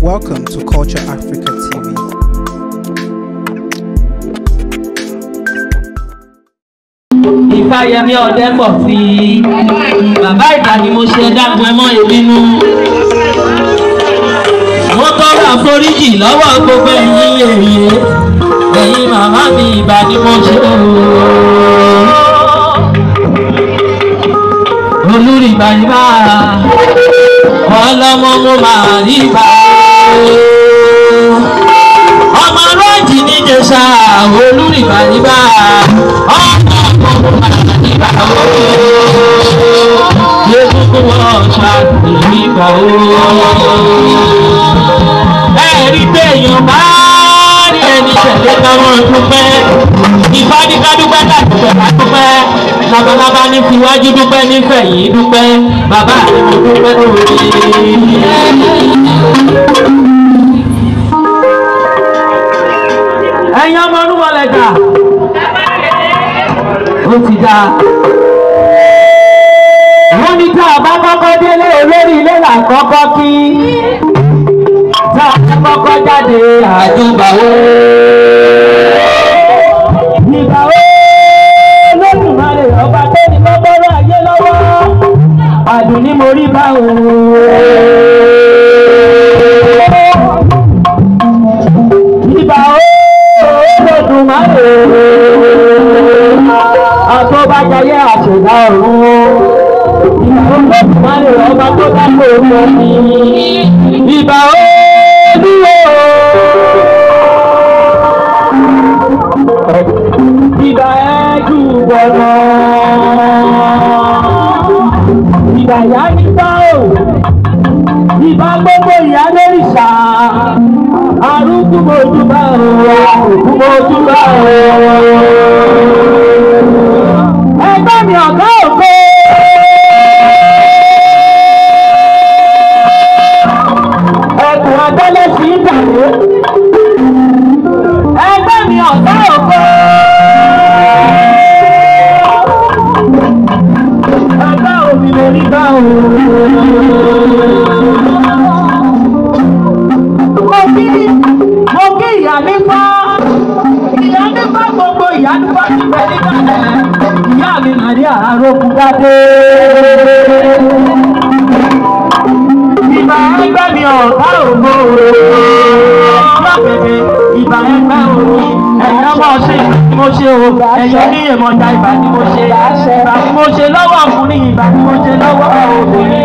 Welcome to Culture Africa TV. Ìfáyẹmí ọdẹ pọ̀ sí i. Bàbá ìta ni mo ṣe dágun ẹmọ́ ìbínú. Mo tọrọ àforíjì lọ́wọ́ gbogbo ẹ̀yin èyí. Ẹ̀yin màmá mi ìbà ni mo ṣe ooo. Olúrìbàrìbà ọlọ́mọ mo máa rí bàá. ṣá olùrìbàrìbà ọmọ ọmọ bàrìbà ooo yékùnkùn wọn ṣá ìrìbà ooo. ẹ̀rí pé èèyàn bá rí ẹni tẹ̀lé káwọn dúpẹ́ ìfádìká dúpẹ́ tàbí dúpẹ́ labalábá ní tiwájú dúpẹ́ nífẹ̀yìn dúpẹ́ bàbá àti mo dúpẹ́ lórí. ga wọ́n ní tá a bá kọ́kọ́ délé olórí ilé là kọ́kọ́ kí tá a bá kọ́kọ́ jáde àdúgbàwó. ìgbàwó lódùmarè ọba tó ní kọ́kọ́rọ́ ayé lọ́wọ́ àdùnní mo rí báwo. ayẹyẹ àṣẹ̀dá ọ̀run. Ìgbòho ìmọ̀lẹ̀ ọba tó dágbò omi. Ìbà ó dúró. Ìbà ẹ jù bọ̀nà. Ìbà yá nígbà ó. Ìbà gbogbo ìyá lórí ṣá. Arúgbó mojú bá òun. Òkú mojú bá òun bá mi ọ̀gá ògo. ẹkùn agbálẹ̀ sí ìtàgé. jáde. ìgbà ẹgbẹ́ mi ọ̀tá ògbó ọba bèbè ìgbà ẹgbẹ́ òní ẹ̀yọ́ mọ̀ ṣe mo ṣe o ẹ̀yọ́ ní ìmọ̀jà ìgbà ni mo ṣe ìgbà ni mo ṣe lọ́wọ́ ọkùnrin ìgbà ni mo ṣe lọ́wọ́ obìnrin.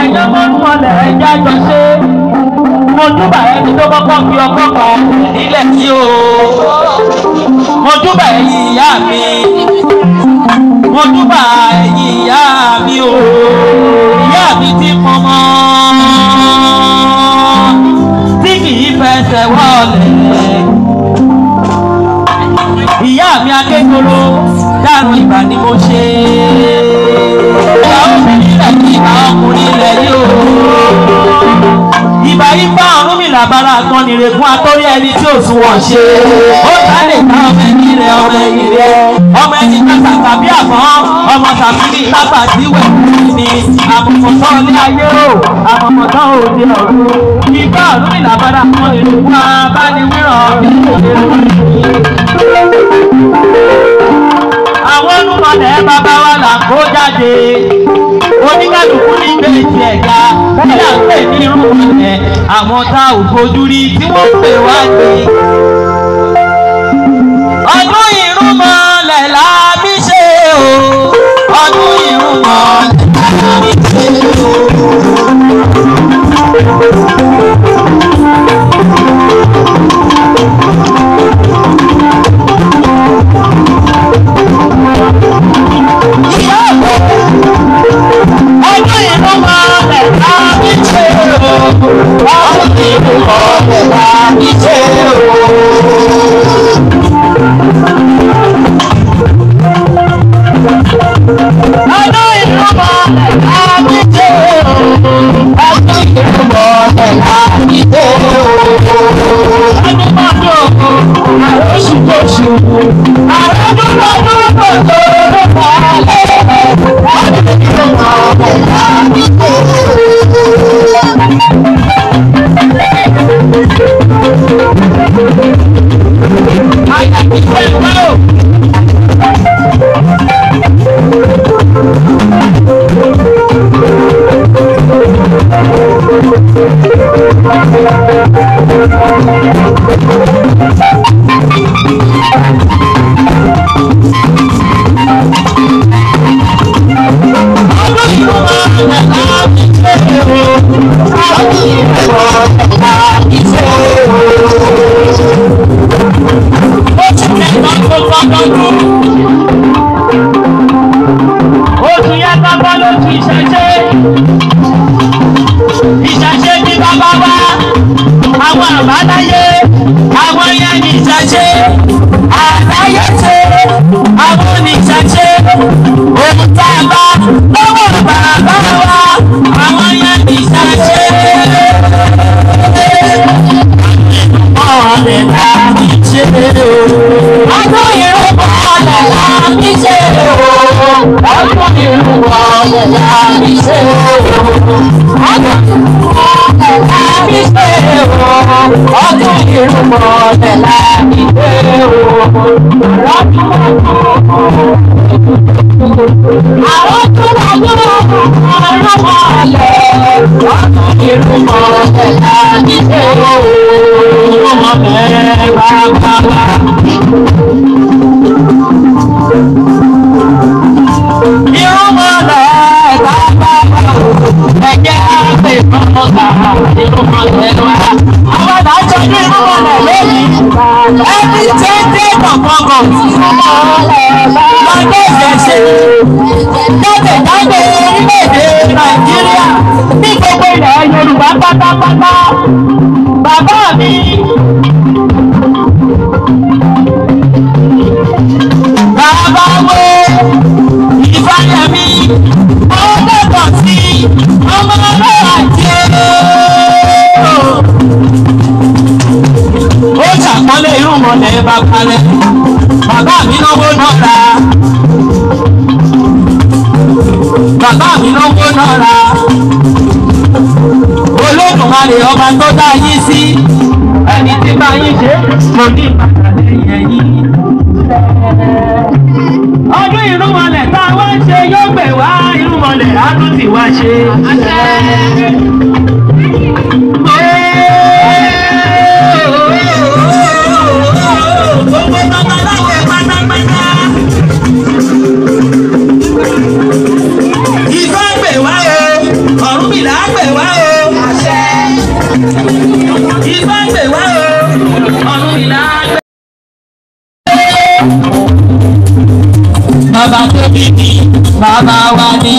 ẹ̀yọ́ mọ̀ ń mọlẹ̀ ẹ̀yà jọ ṣe mo júbà ẹni tó kọ́kọ́ fi ọkọ̀ kan nílẹ̀ sí o mo júbà ẹ̀yin ìyá mi mo júbà ìyá mi o ìyá mi ti mọ mọ́ tí kì í fẹsẹ̀ wọlé ìyá mi akékòrò dárùn ìgbà ni mo ṣe ìgbà obìnrin rẹ̀ kí ìgbà ọkùnrin rẹ̀ yóò ìgbà yìí bá ọ̀run mi làbára kan nìrègùn atórí ẹni tí ò sunwọ̀n ṣe ó bá lè ta ọmọ ẹ̀ rẹ̀ ọmọ ẹ̀yìn rẹ̀ ọmọ ẹ̀yìn tàbí tàbí àgbọ̀n ọmọ tàbí ní tábà tí wẹ̀ ní àmọ̀mọ̀tọ́ ní ayé o àmọ̀mọ̀tọ́ òde ọ̀run ìgbà ọ̀run ìlàbára àwọn èrò wa bá ní wíran bí àwọn olùmọ̀lẹ̀ bàbá wa là ń kó jáde oníkàlùkù ní ìgbéléjì ẹ̀ga bí à ní irú ọ̀lẹ̀ àwọn tá ò fojú rí tí wọ́n pè wá ní. Thank you. ìdè òwò àrọ́túnwájú àrọ́túnwájú ọlọ́mọlẹ̀ ọdún ìrúmọ̀ ẹ̀dá ìdè òwò ọmọlẹ̀ gbàgbàgbà. ìrúmọlẹ̀ gbàgbàgbà ẹ̀jẹ̀ àgbẹ̀ mọ́ta ìrúmọlẹ̀ wá ní ọ̀rọ̀ lónìí. ẹni tẹ́tẹ́ kọ̀ọ̀kan lọ́dọ̀ ìrẹsẹ̀ jáde jáde orílẹ̀-èdè Nàìjíríà ní gbogbo bàbá mi. mọ́lẹ̀ irun mọ́lẹ̀ bá parẹ́ bàbá mi lọ́wọ́ nọ́ra bàbá mi lọ́wọ́ nọ́ra Olódùmarè ọba tó dá yín sí ẹni tí bá yín ṣe mo ní ìbàdàn lẹ́yìn ẹ̀yìn. ọdún ìrúnmọlẹ̀ tá a wá ń ṣe yóò gbè wá ìrúnmọlẹ̀ á tún ti wá ṣe. bíbí bàbá wa ní.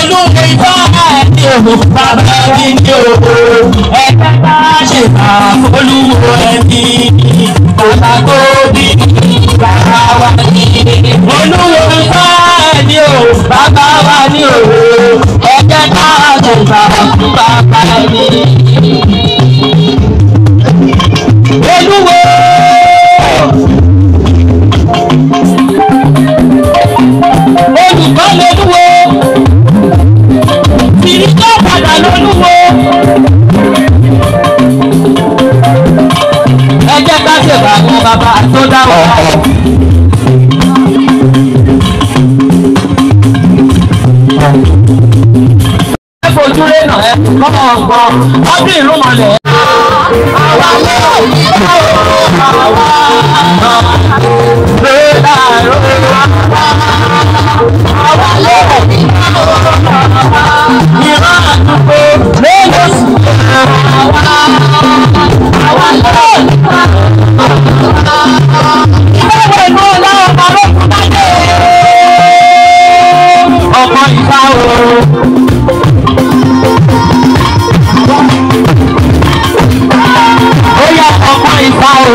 olóògbé ibà ẹni o bàbá mi ní o ẹgbẹ́ bá ṣe bá olúwo ẹni bàbá gbòógì bàbá wa ní. olúwo ibà ẹni o bàbá wa ní o ẹgbẹ́ bá ṣe bá bàbá mi. wa tó dá wa. ẹ fojú rẹ nà ẹ kọ́mọ ọgbọ́n ọdún ìlú mọ̀lẹ́. àwa náà yíyá o àwa náà ló dàrú wa. àwa náà yíyá o àwa ìran àdúgbò lóyún sí. àwa náà àwa náà ìgbéwò ìlú ọlọ́wọ́ ta ló kú dájé ọmọ ìta o. ó yẹ ọmọ ìta o.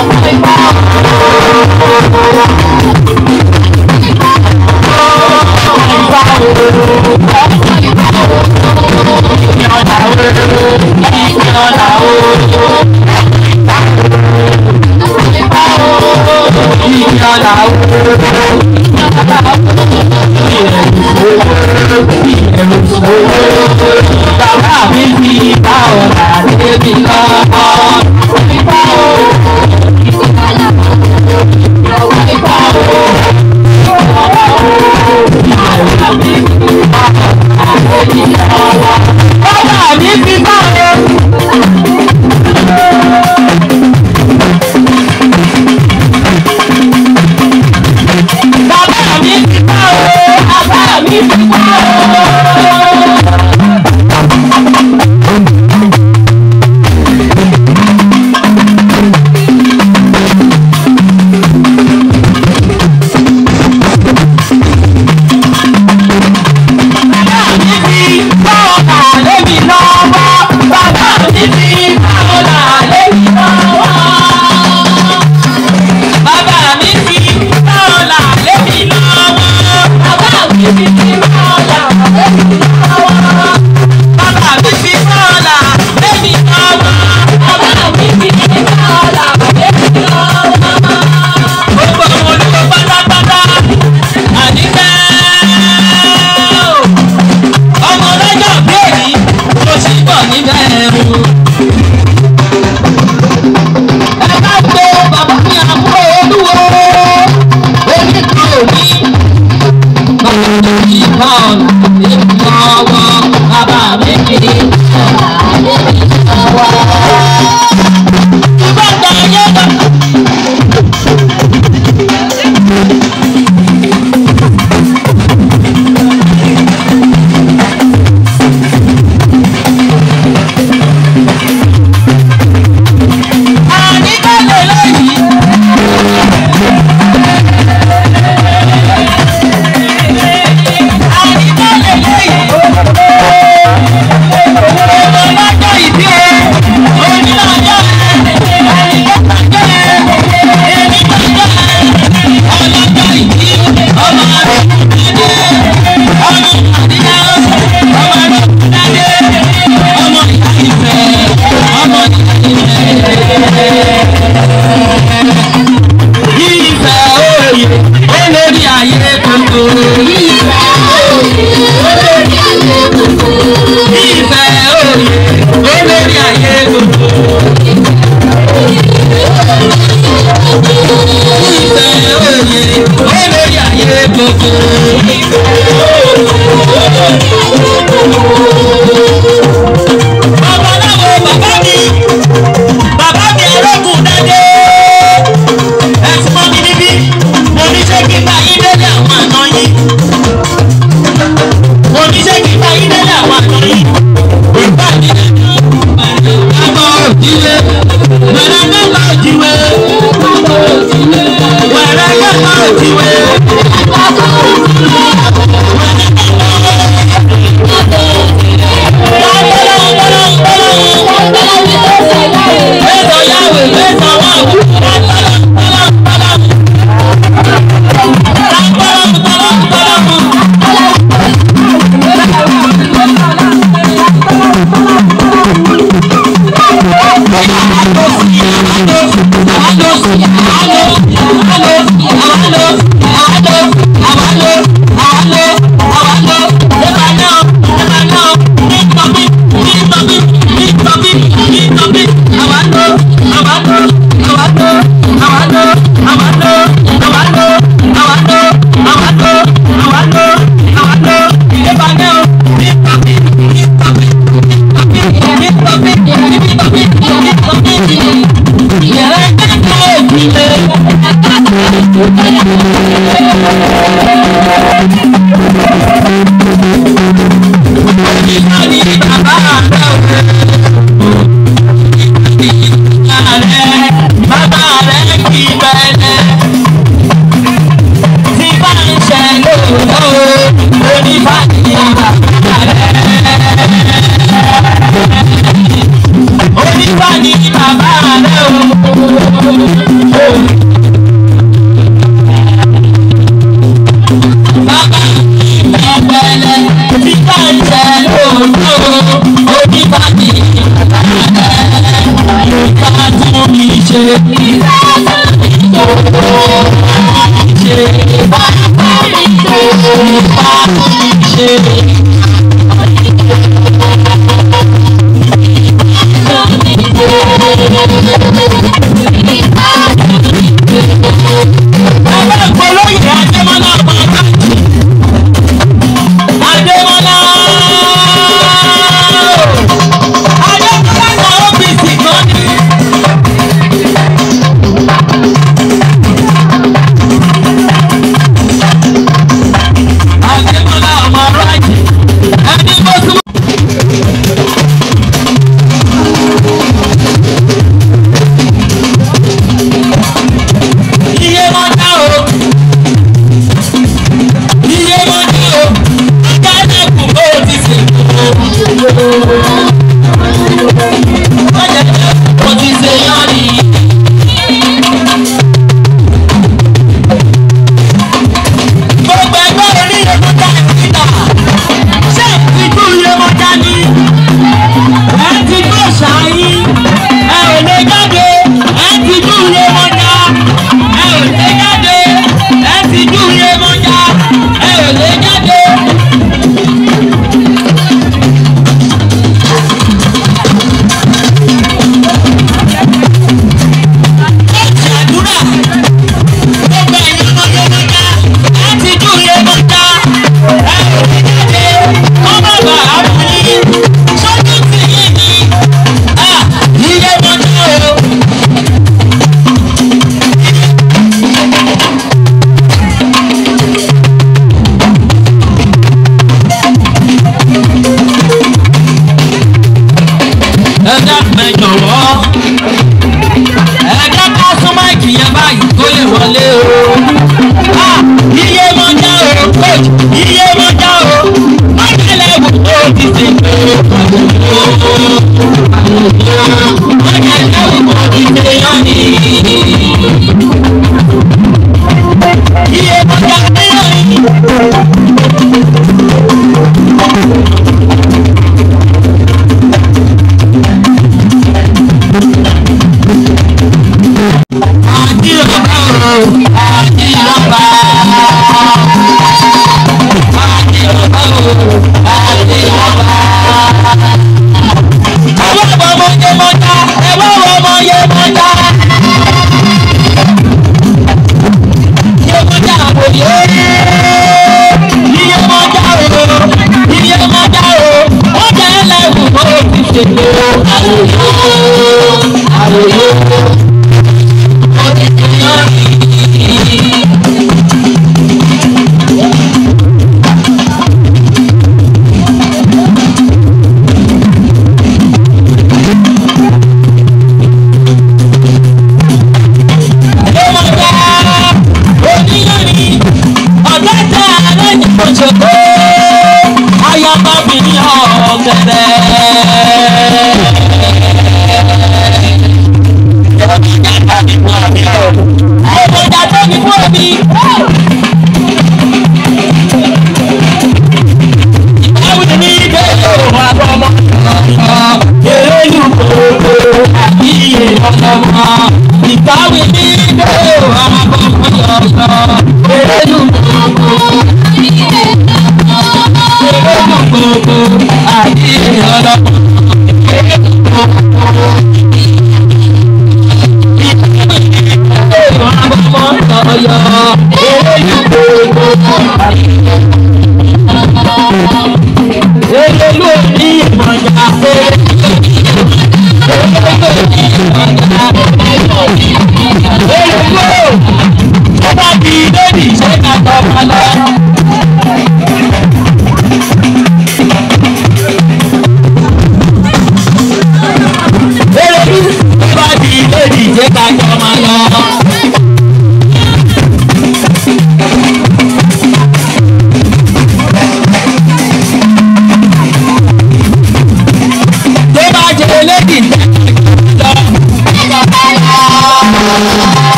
ọmọ ìta o. Ìyọ̀dà o, ìyọ̀dà o. ìdàlà òwò ìdàlà òwò ìrẹ̀lú òwò ìrẹ̀lú òwò bàbá mi fi ìta ọ̀rà débi lọ́wọ́ ìta òwò ìdàlà òwò ìta òwò ìrẹ̀lú òwò bàbá mi fi ìta ọ̀rà débi lọ́wọ́.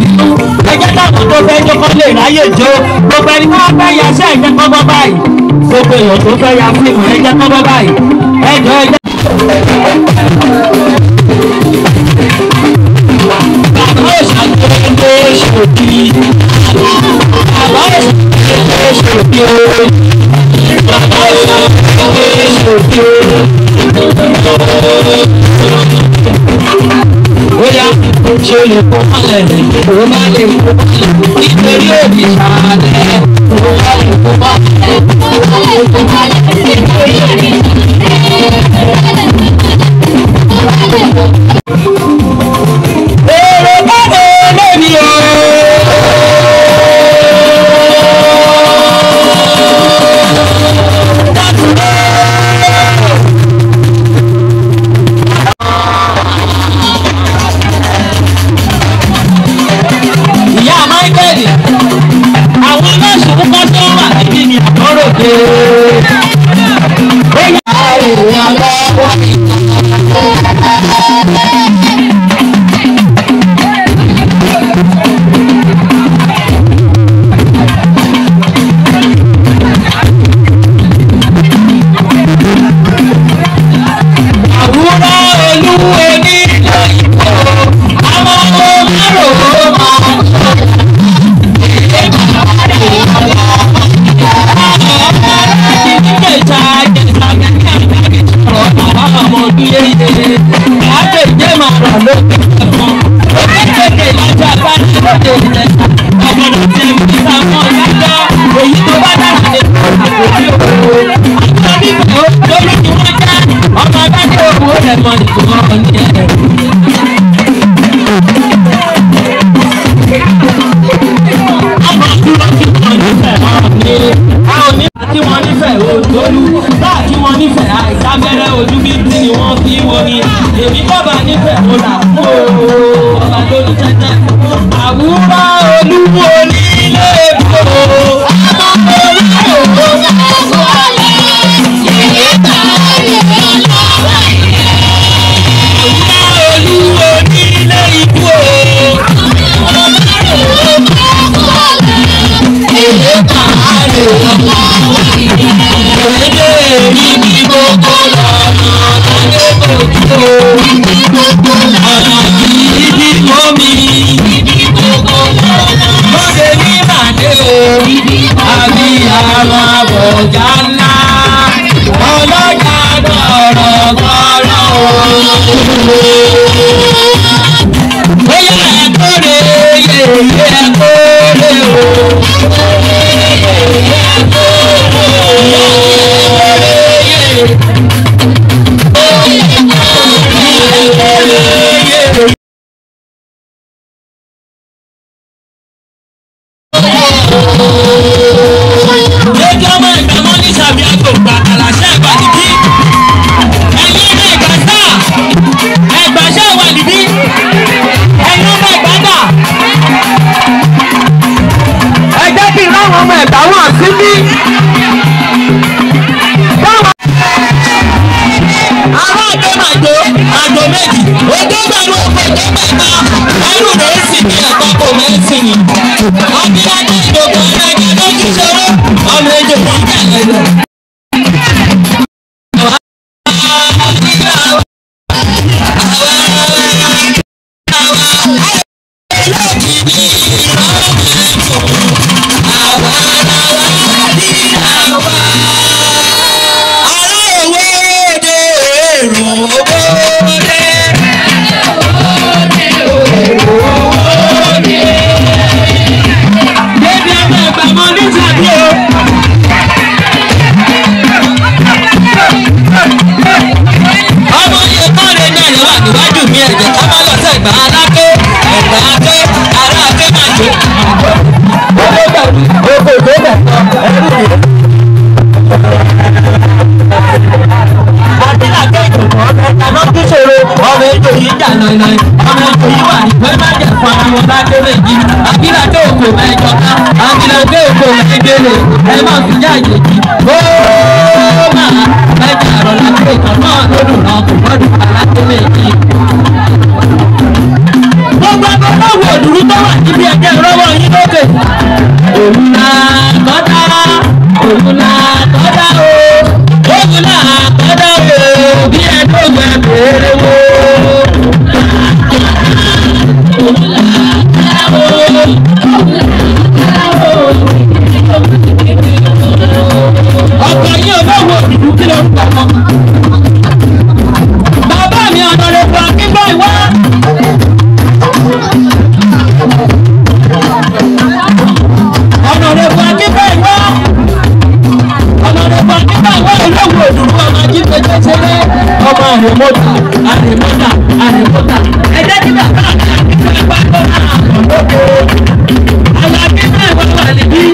bínú ẹ jẹ́ káwọn tó fẹ́ jẹ́ kọ́ lè ráyè jó gbogbo ẹni tó fẹ́ yà sí ẹ jẹ́ kọ́ bọ́ báyìí gbogbo èèyàn tó fẹ́ ya fíìmù ẹ jẹ́ kọ́ bọ́ báyìí ẹ jọ ẹ jẹ́. bàbá òṣàgbé ṣòkì bàbá òṣàgbé ṣòkì bàbá òṣàgbé ṣòkì. bóyá ojú olè kó palẹ̀ òun má lè kó palẹ̀ nítorí òbí sàlẹ̀ òun má lè kó palẹ̀ òun má lè kó palẹ̀ nítorí òbí sàlẹ̀ òun má lè kó palẹ̀. òdòdó báàkì wọn nífẹ̀ẹ́ àìsábẹ́rẹ́ ojú bíbí ni wọ́n fi wo ni èmi bàbá nífẹ̀ẹ́ mo rà èkó mẹ́jọba àbílẹ̀gbé èkó mẹ́gbẹ̀lẹ̀ ẹ má fi yá ìyèjì ó máa mẹ́jà àrọ̀lá pé ìtàn náà lódùn náà kò gbọ́dọ̀ alákélé yìí. gbogbo agbọ́dọ̀ wo òdúrú tó wà níbi ẹgbẹ́ ìrọ́wọ́ yín lókè. òun náà gbọ́dọ̀ òun náà. àrèmọ́tà àrèmọ́tà àrèmọ́tà ẹ̀jẹ̀ ti bá bá ìjọba tó náà lóko. àwọn akẹ́kọ̀ọ́ ìwà wà níbí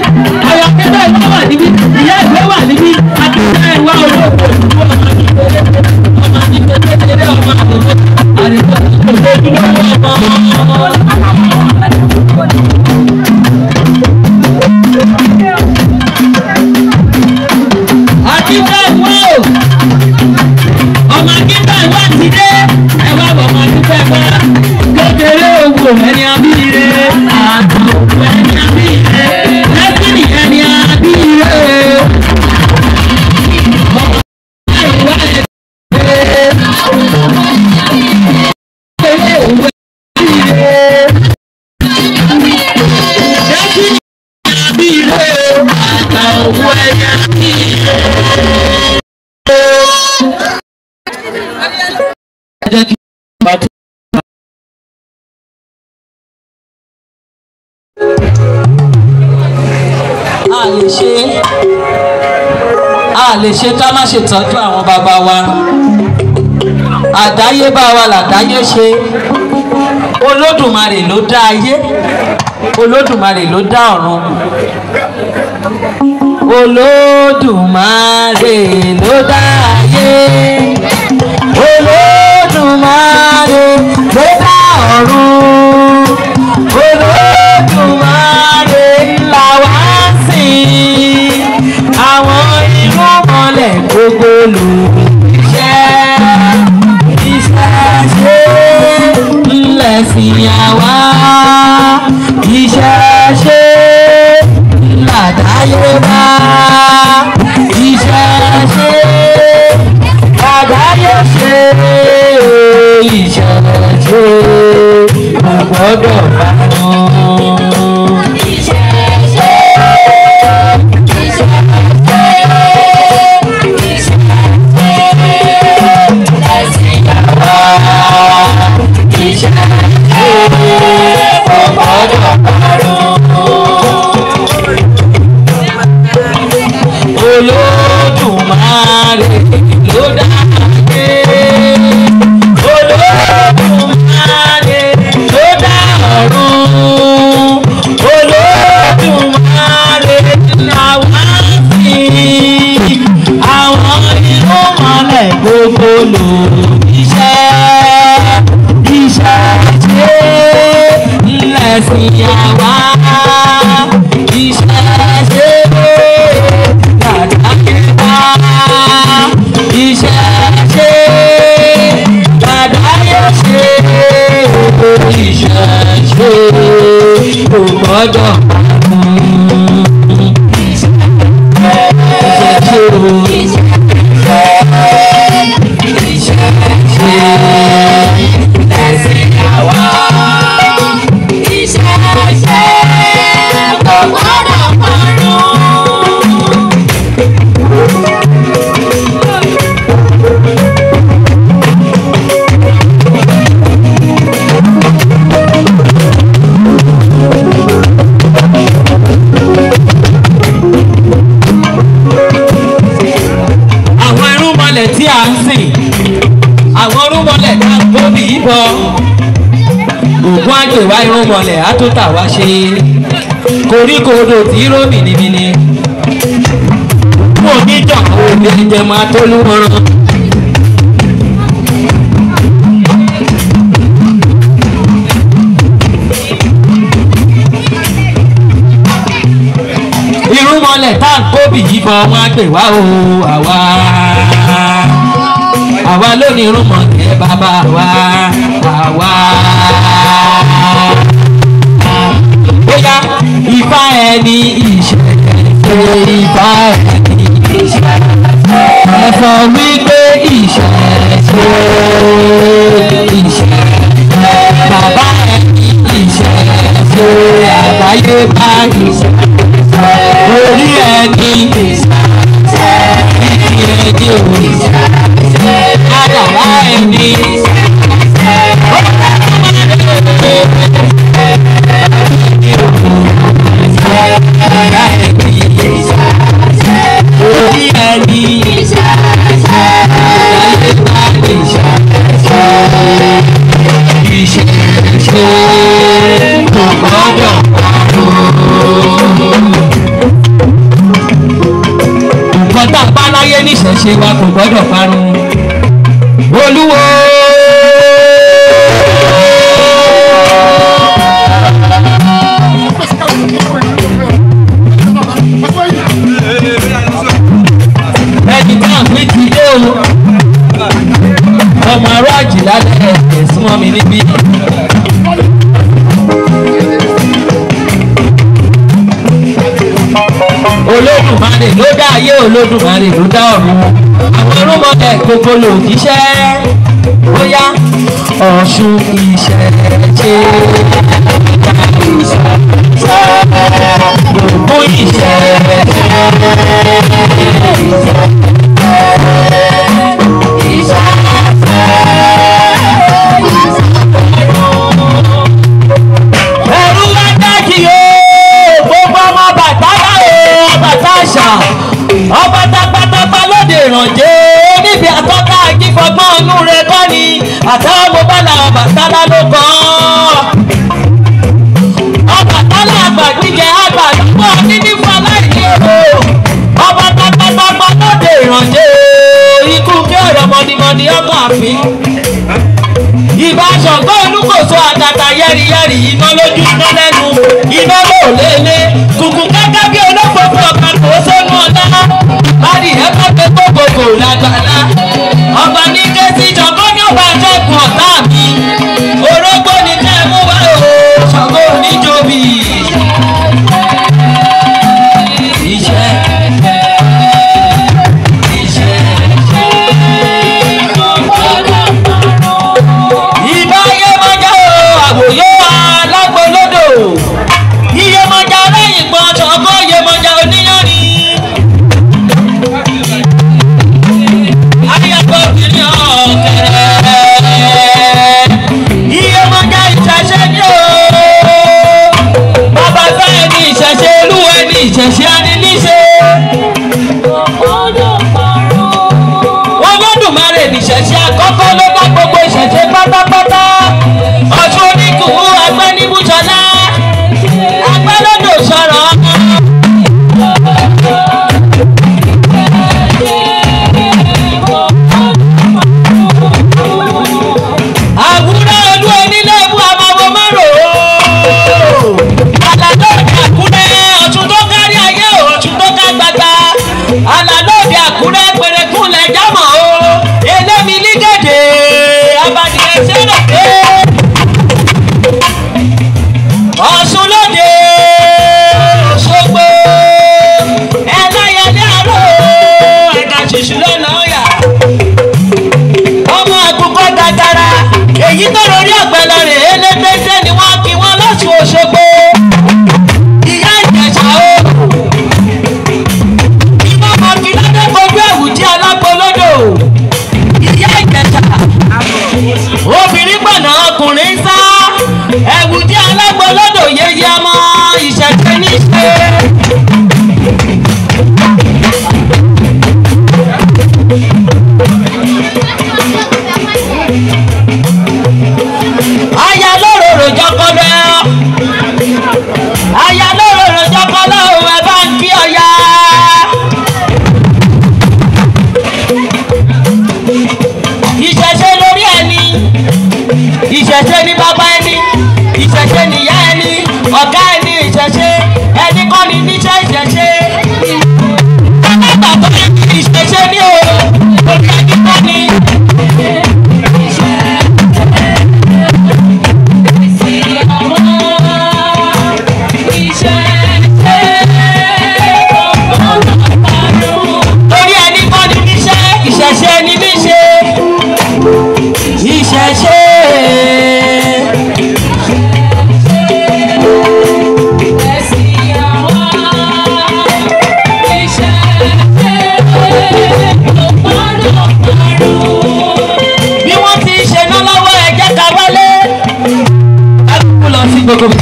àwọn akẹ́kọ̀ọ́ ìwà wà níbí ìyá ìwé wà níbí akẹ́kọ̀ọ́ ìwà olóko ìlú ọmọ ìgbẹ́lẹ́dẹ́ ọmọ ìgbẹ́lẹ́dẹ́ ọmọ àrèmọ́tà àrèmọ́tà òṣèlú ọmọ. lè ṣe a lè ṣe ká má ṣe tọ́jú àwọn bàbá wa àdáyébá wa làdáyé ṣe olódùmarè ló dá ayé olódùmarè ló dá ọ̀run olódùmarè ló dá ayé olódùmarè ló dá ọ̀run olódùmarè ńlá wa. mọ́lẹ̀ gbogbo lù iṣẹ́ iṣẹ́ ṣe ńlẹ̀ sí àwa iṣẹ́ ṣe ńlàdáyé wá iṣẹ́ ṣe àdáyé ṣe iṣẹ́ ṣe àgbọ̀dọ̀ bá. don't. tà wá ṣe koríko odò tí ró bìnibìni mo níjà òde jẹmọ atolúmọràn. irúmọlẹ̀ tá à ń kóbì yìí bọ̀ wọ́n á pè wá o àwa àwa lónìí irúmọlẹ̀ bàbá wa àwa. ẹni ìṣẹ̀lẹ̀ ìbá ẹni ìṣẹ̀lẹ̀ ẹ̀fọ́ wípé ìṣẹ̀lẹ̀ ìṣẹ̀lẹ̀ bàbá ẹni ìṣẹ̀lẹ̀ àgbáyé bá ìṣẹ̀lẹ̀ orí ẹni ìṣẹ̀lẹ̀ ìdí ẹni òwò ìṣẹ̀lẹ̀ àgbàlá ẹni. ṣe wa kò gbọ́dọ̀ parun. ayé olódùmarè ló dá ọ̀run àmọ́rúnmọ́lẹ̀ gbogbo lòdìṣẹ́ bóyá ọ̀ṣun ìṣẹ̀lẹ̀ ṣe gbogbo ìṣẹ̀lẹ̀ ṣe. Ọbàtálá Ọbàtálá ló kọ́ Ọbàtálá àgbàdìjẹ àgbàdìpọ̀ níní fọláìní o ọba pátápátá lóde ìrànjẹ́ ikú kí ọ̀rọ̀ mọ̀nìmọ̀nì ọmọ àfin ìbá ṣọ̀gbọ́n olúkòso àtàtà yẹ́rìyẹ́rì iná lójú iná lẹ́nu iná lóòlélé kùkù kẹ́kẹ́ bí olókòkò ọ̀kan kò sónú ọ̀dá bari ẹ̀kọ́ pé gbogbogbò làgbàlá ọba ní kéésì ṣọ̀gbọ́n ní ọba àjẹkùn ọ̀tá.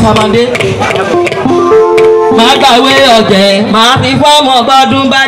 sàmàdé. Màá gbàwé ọ̀jẹ̀, màá fi fọ́ọ̀mù ọgọ́dún bá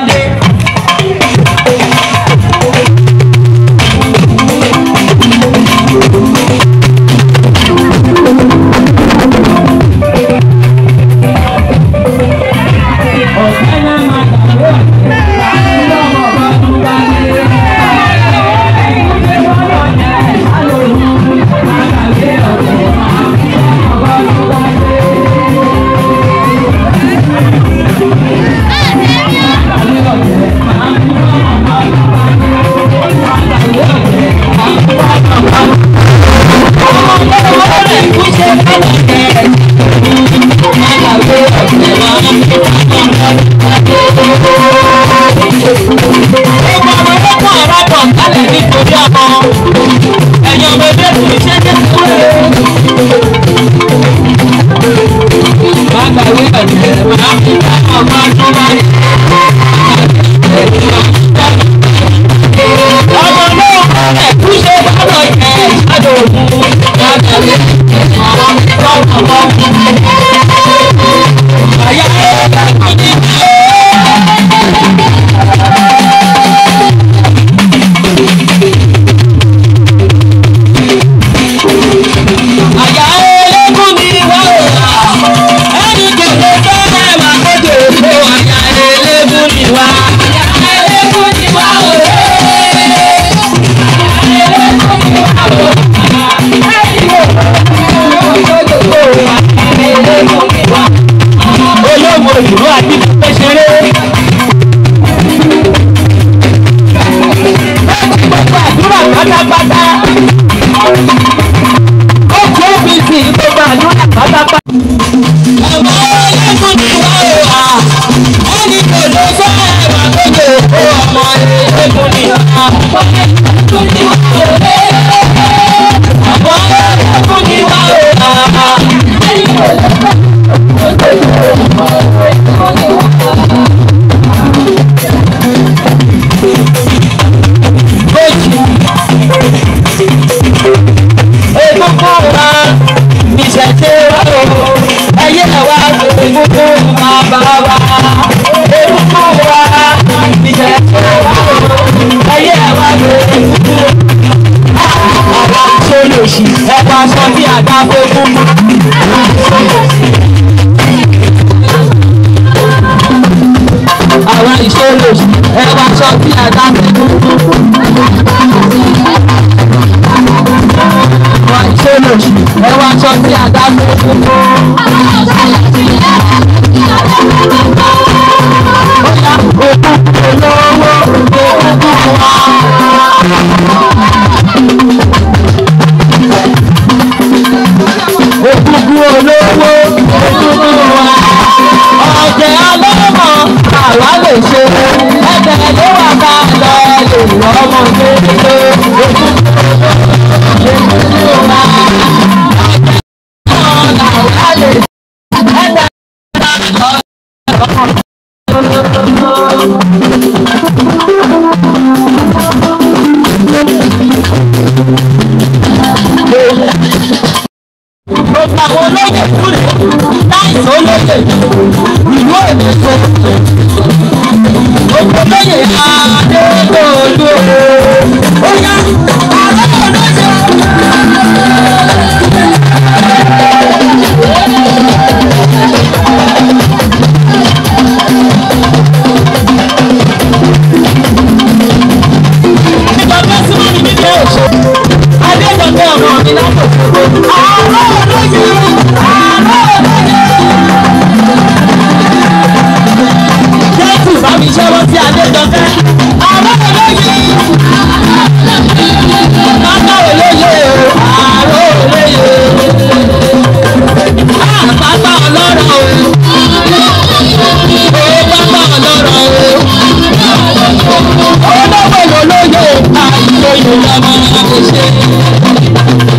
lọ́mọ àṣẹ.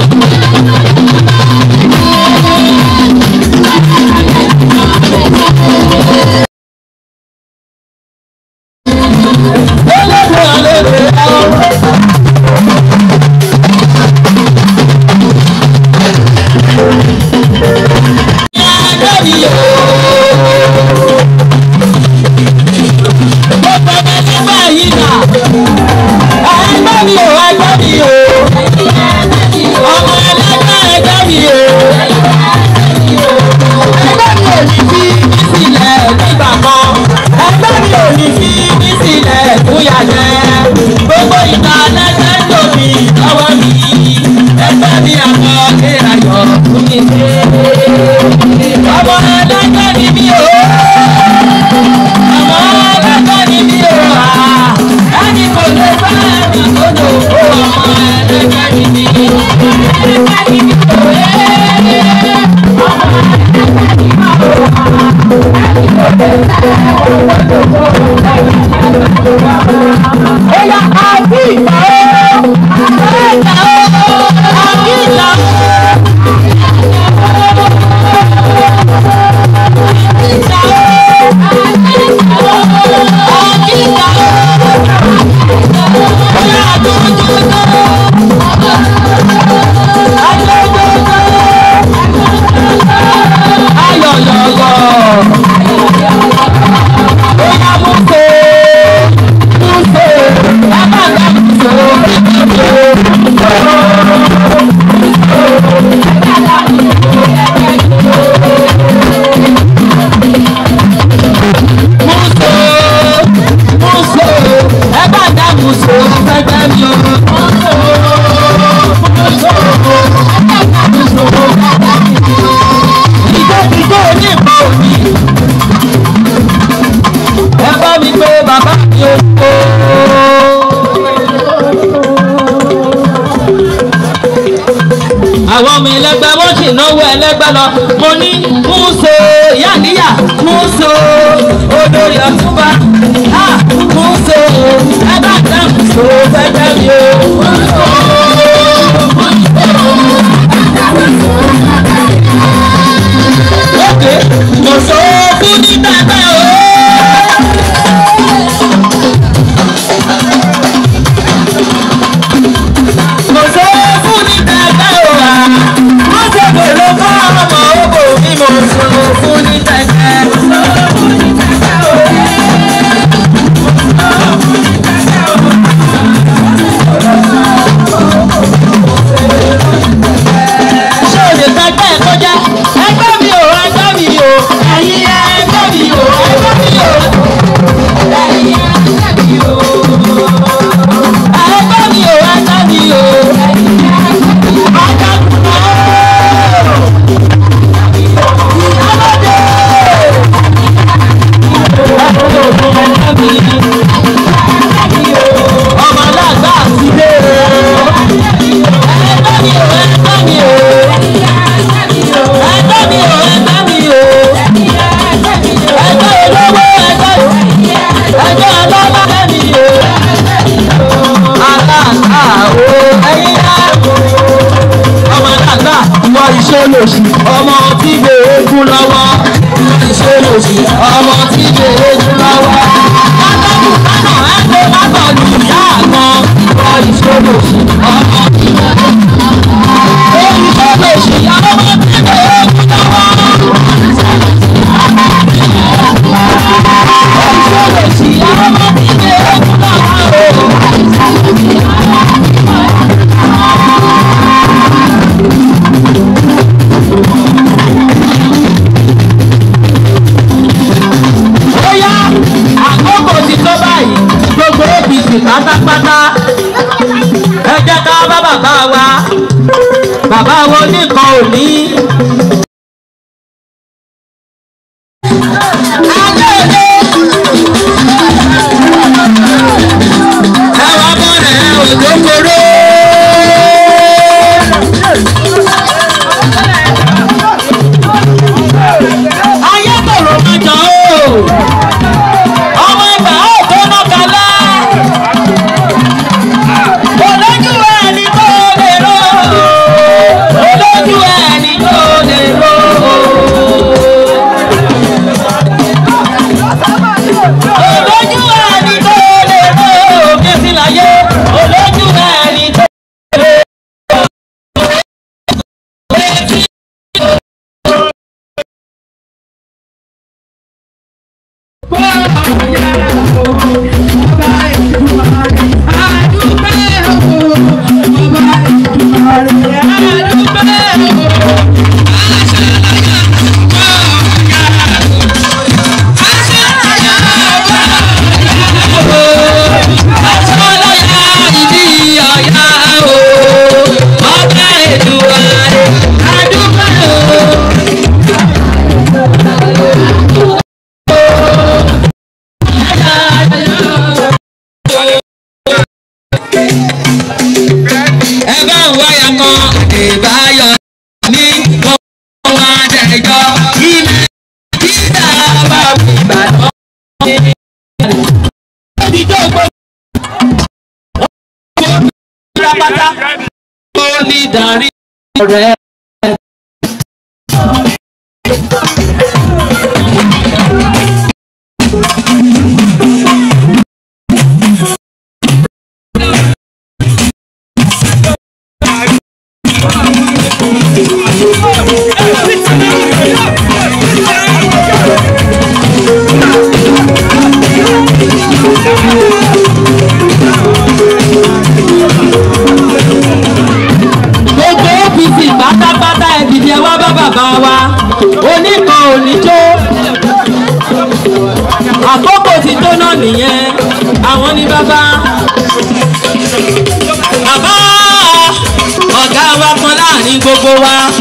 gbà lọ mo ní Múso yáníyà Múso olórí ọ̀túnba Múso ẹ òsì pátápátá ẹ jẹ́ ká bá bàbá wa bàbá wo nìkan ò ní. pátápátá. ó ní darí rẹ̀. Wow.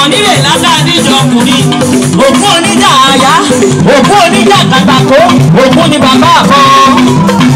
ọmọ nílé lásán níjọ ọkùnrin. òkú oníjà àyà òkú oníjà òkú ni bàbá àbọ̀.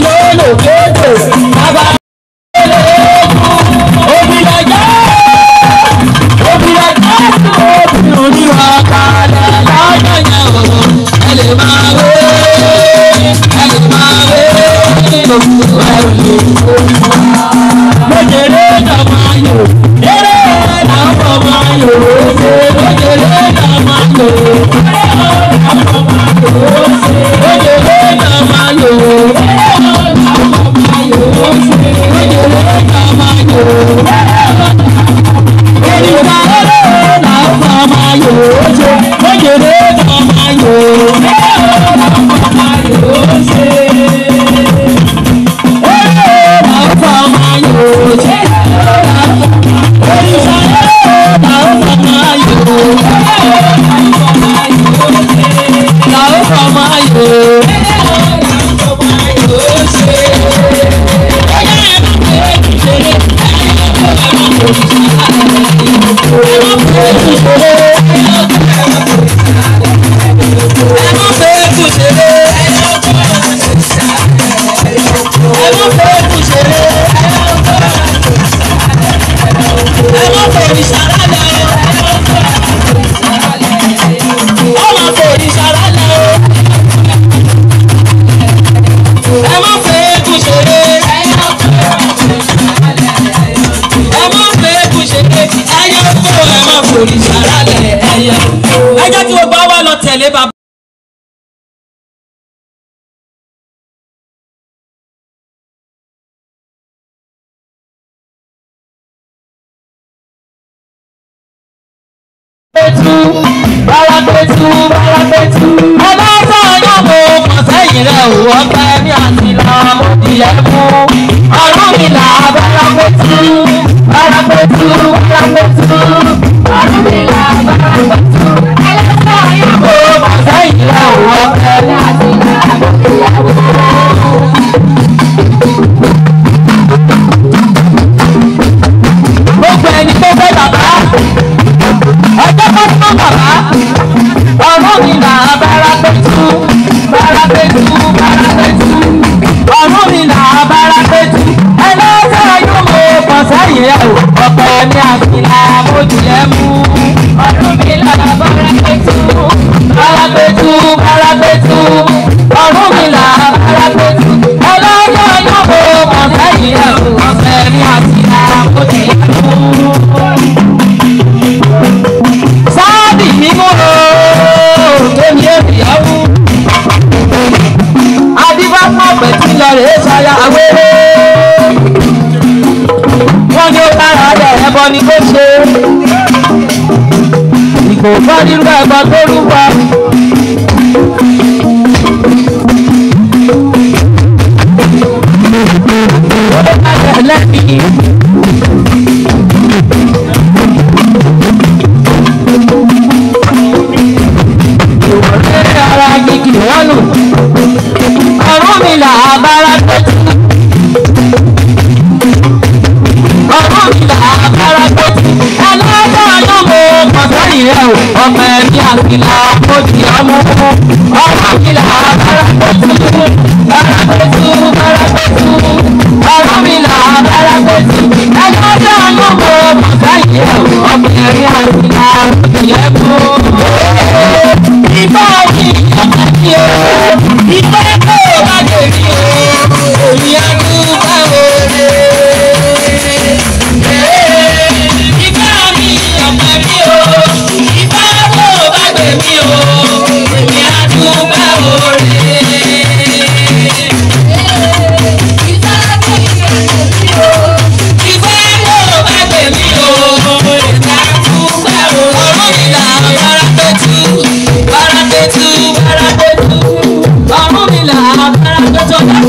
No lo quiero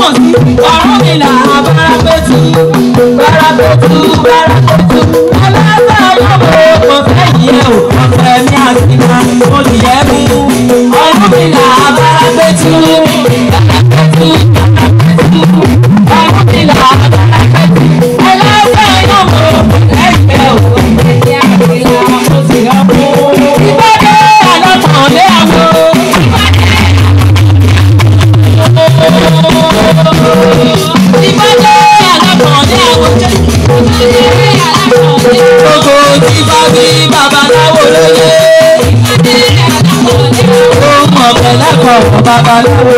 mọ̀ sí ọ̀rọ̀ mi là bára pẹ̀tù bára pẹ̀tù bára pẹ̀tù. bàbá lówó.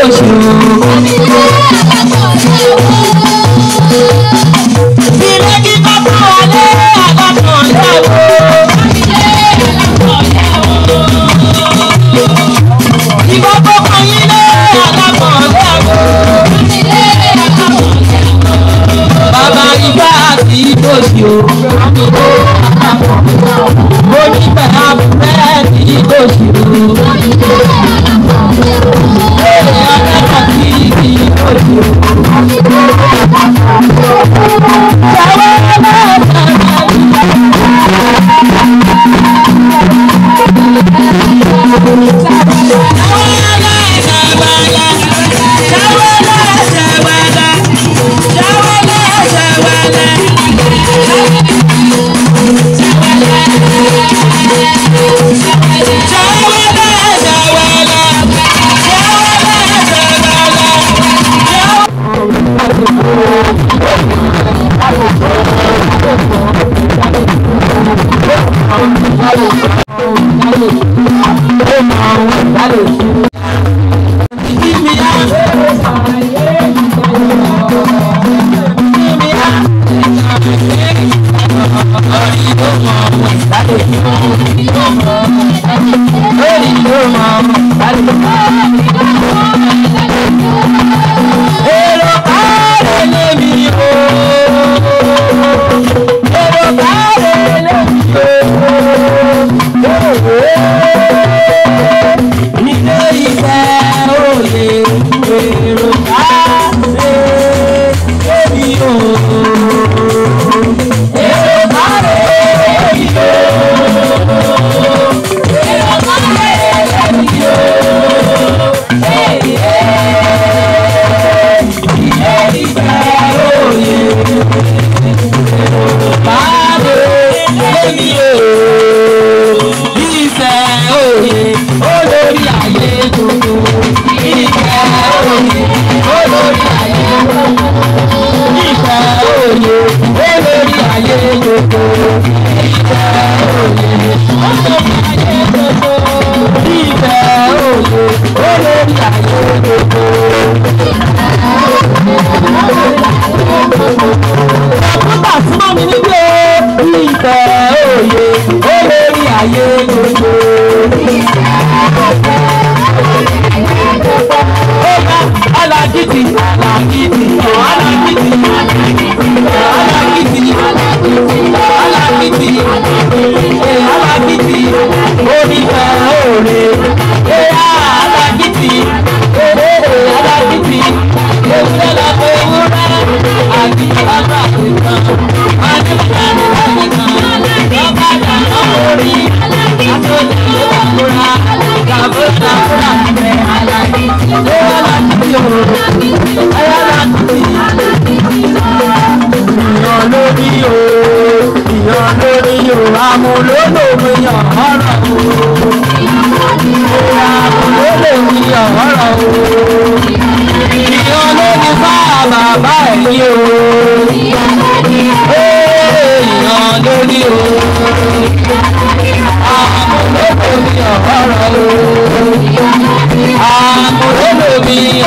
you.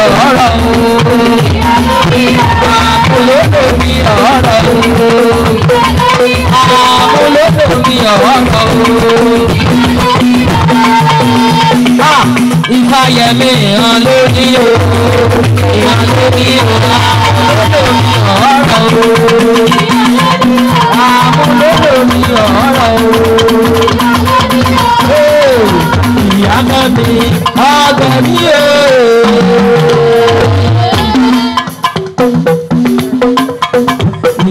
ọ̀rọ̀ o. Olódò mi ọ̀rọ̀ o. Olódò mi ọ̀rọ̀ o. Ifáyẹmí ìran ló ní o. Ìran ló ní o. Olódò mi ọ̀rọ̀ o. Olódò mi ọ̀rọ̀ o ìyá mọ́ mi ọgbẹ́ mi ooo.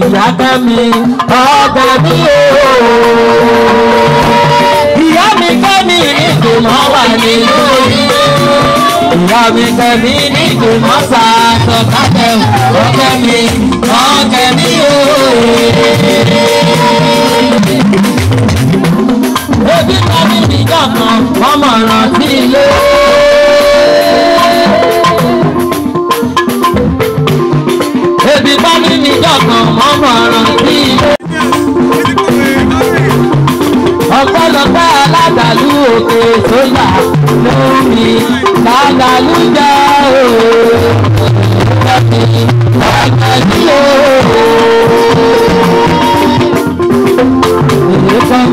ìyá bá mi ọgbà mi ooo. ìyá mi kọ́ mi ìgbìmọ̀ wà nínú orí. ìyá mi kọ́ mi ìgbìmọ̀ sàtọ̀ kákẹ́ ọ̀kẹ́ mi ooo. Ojú ta mi níjọ́ kan, ọmọ ràn sí ilé. Ebi bá mi níjọ́ kan, ọmọ ràn sí ilé. Ọ̀pọ̀lọpọ̀ aládàlú òkè sólà lórí ládàlú jẹ́ òòrùn. Lọ́kì lọ́kì sí òòrùn. fún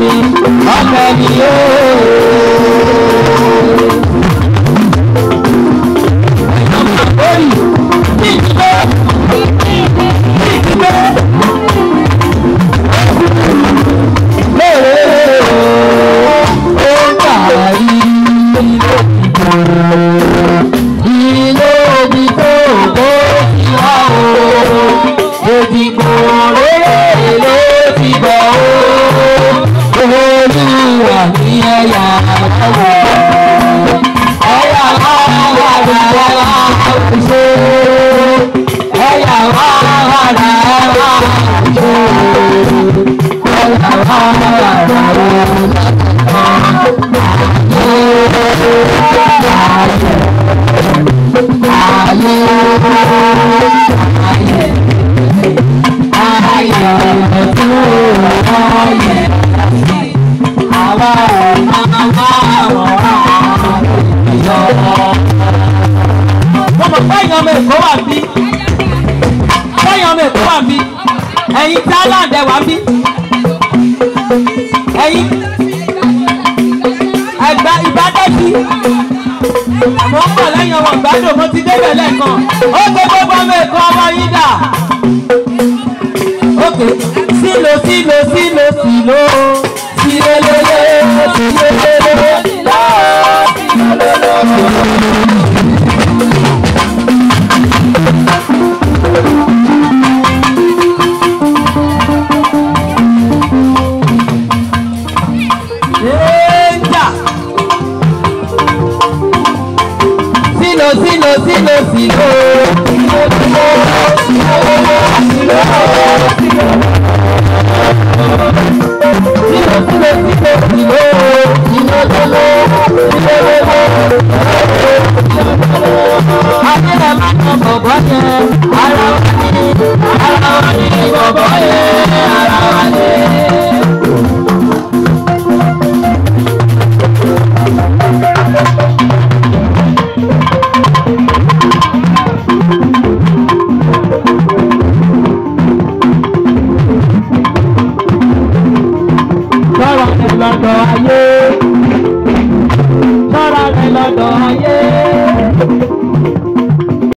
mi ọbẹ̀ ni yóò. ẹ̀yin tí aláǹdẹ̀ wá bí ẹ̀yin ẹ̀gbá ìbádẹ́sí mo ń bọ̀ lẹ́yìn ọmọ ìgbádùn mo ti débẹ̀ lẹ́ẹ̀kan ó gbé gbogbo ọmọ èkó ọmọ yín dà ókè sílò sílò sílò sílò sílélélé sílélélé lọ́ọ́ sílò sílò sílò sílò sílò sílò sílò sílò sílò sílò sílò ìlọ́lọ́lọ́ ìlọ́lọ́lọ́. Abẹ́rẹ́ máa ń yan bọ̀bọ̀ yẹn, ara wa ni, ara wa ni bọ̀bọ̀ yẹn, ara wa ni.